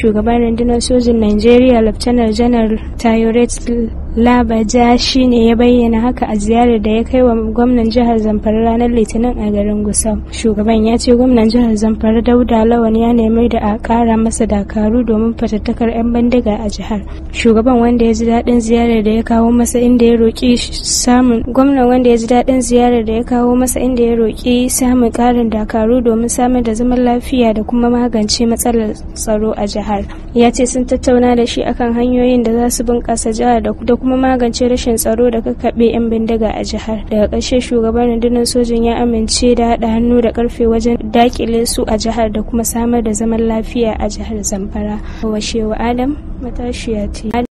shugaban rundunar sojin Najeriya Laftanar Tayo Tayoret labaja shi ne ya bayyana haka a ziyarar da ya kai wa gwamnan jihar zamfara ranar litinin a garin gusau shugaban ya ce gwamnan jihar zamfara dauda lawan ya nemi da a kara masa dakaru domin fatattakar 'yan bandiga a jihar shugaban wanda ya ji daɗin ziyarar da ya kawo masa inda ya roƙi samun gwamnan wanda ya ji daɗin ziyarar da ya kawo masa inda ya roƙi samun ƙarin dakaru domin samar da zaman lafiya da kuma magance matsalar tsaro a jihar ya ce sun tattauna da shi akan hanyoyin da za su bunƙasa jihar da kuma magance rashin tsaro da kakaɓe 'yan bindiga a jihar daga ƙarshe shugaban rundunar sojin ya amince da haɗa hannu da ƙarfe wajen dakile su a jihar da kuma samar da zaman lafiya a jihar zamfara washewa adam matashiya ce